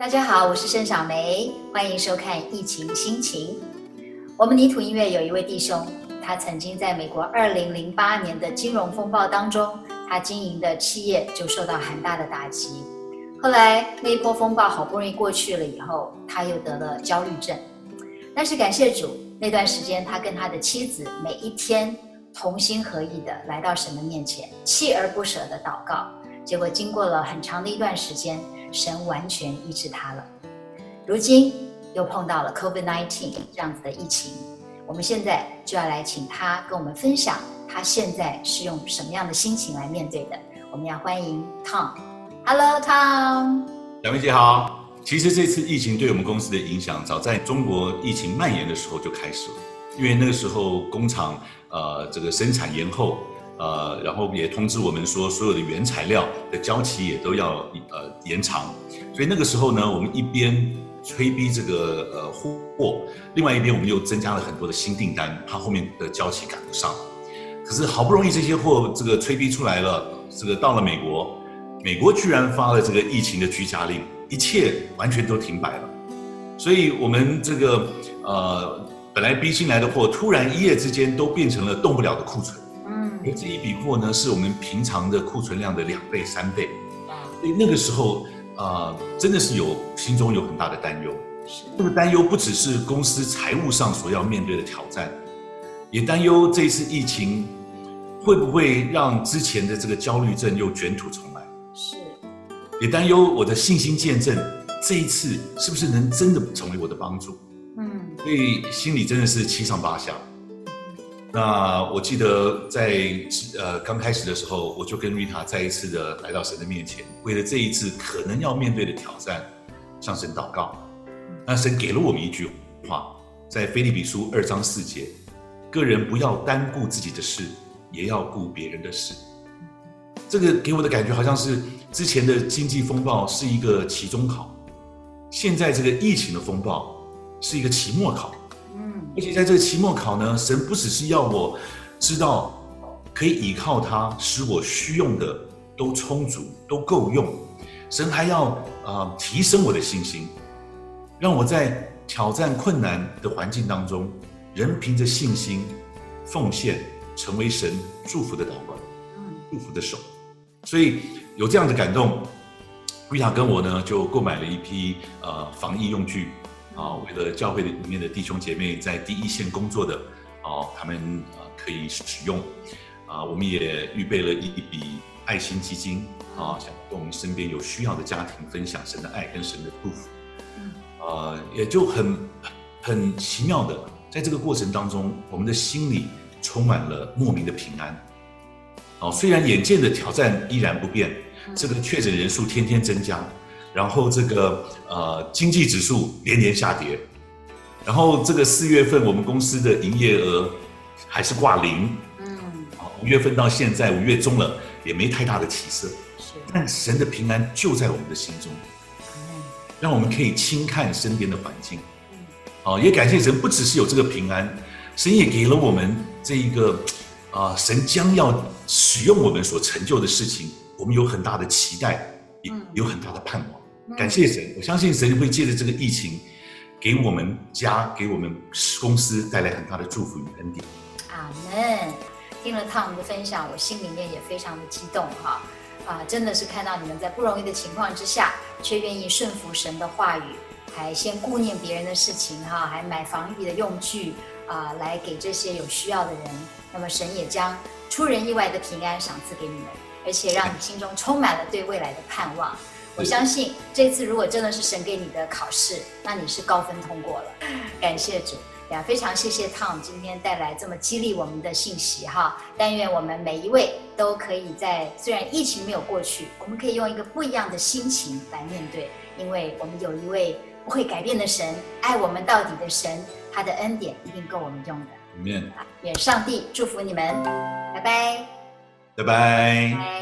大家好，我是盛曉玫，歡迎收看《疫情心情》。我們泥土音樂有一位弟兄，他曾經在美國二零零八年的金融風暴當中，他經營的企業就受到很大的打擊。後來那一波風暴好不容易過去了以後，他又得了焦慮症。但是感謝主，那段時間他跟他的妻子每一天同心合意的來到神的面前，鍥而不捨的禱告。結果經過了很長的一段時間，神完全醫治他了。如今又碰到了 COVID-19 這樣子的疫情，我們現在就要來請他跟我們分享，他現在是用什麼樣的心情來面對的。我們要歡迎 Tom。Hello Tom，曉玫姐好。其實這次疫情對我們公司的影響，早在中國疫情蔓延的時候就開始了，因為那個時候工廠呃這個生產延後。呃，然後也通知我們說，所有的原材料的交期也都要呃延長。所以那個時候呢，我們一邊催逼這個呃貨，另外一邊我們又增加了很多的新訂單，怕後面的交期趕不上。可是好不容易這些貨這個催逼出來了，這個到了美國，美國居然發了這個疫情的居家令，一切完全都停擺了。所以我們這個呃本來逼進來的貨，突然一夜之間都變成了動不了的庫存。而這一筆貨呢，是我們平常的庫存量的兩倍三倍，所以那個時候啊，呃，真的是有心中有很大的擔憂。是的。這個擔憂不只是公司財務上所要面對的挑戰，也擔憂這一次疫情會不會讓之前的這個焦慮症又捲土重來。是，也擔憂我的信心見證這一次是不是能真的成為我的幫助。嗯，所以心裡真的是七上八下。那我記得在呃剛開始的時候，我就跟瑞塔再一次的來到神的面前，為了這一次可能要面對的挑戰，向神禱告。那神給了我們一句話，在腓立比書二章四節，各人不要單顧自己的事，也要顧別人的事。這個給我的感覺好像是之前的經濟風暴是一個期中考，現在這個疫情的風暴是一個期末考。而且在這個期末考呢，神不只是要我知道可以依靠他，使我需用的都充足、都夠用，神還要啊、呃、提升我的信心，讓我在挑戰困難的環境當中，人憑着信心奉獻，成為神祝福的導管、祝福的手。所以有這樣的感動，維塔跟我呢就購買了一批、呃、防疫用具。啊，為了教會裡面的弟兄姐妹在第一線工作的，哦、呃，他們啊、呃、可以使用，啊、呃，我們也預備了一筆愛心基金，啊、呃，想跟我們身邊有需要的家庭分享神的愛跟神的祝福，嗯呃，也就很很奇妙的，在這個過程當中，我們的心裡充滿了莫名的平安，哦、呃，雖然眼見的挑戰依然不變，嗯、這個確診人數天天增加。然後這個呃經濟指數連年下跌，然後這個四月份我們公司的營業額還是掛零，嗯，哦、啊、五月份到現在五月中了，也沒太大的起色，是，但神的平安就在我們的心中，嗯，讓我們可以輕看身邊的環境，嗯，哦、啊、也感謝神不只是有這個平安，神也給了我們這一個啊、呃、神將要使用我們所成就的事情，我們有很大的期待，也有很大的盼望。嗯感謝神，我相信神會借着這個疫情，給我們家，給我們公司帶來很大的祝福與恩典。阿門。聽了 Tom 的分享，我心裡面也非常的激動哈啊！真的是看到你們在不容易的情況之下，卻願意順服神的話語，還先顧念別人的事情哈，還買防疫的用具啊，來給這些有需要的人。那麼神也將出人意外的平安賞賜給你們，而且讓你心中充滿了對未來的盼望。我相信這次如果真的是神給你的考試，那你是高分通過了。感謝主，也非常謝謝 Tom 今天帶來這麼激勵我們的信息哈。但願我們每一位都可以在雖然疫情沒有過去，我們可以用一個不一樣的心情來面對，因為我們有一位不會改變的神，愛我們到底的神，他的恩典一定夠我們用的。Amen。願上帝祝福你們，拜拜，拜拜。拜拜。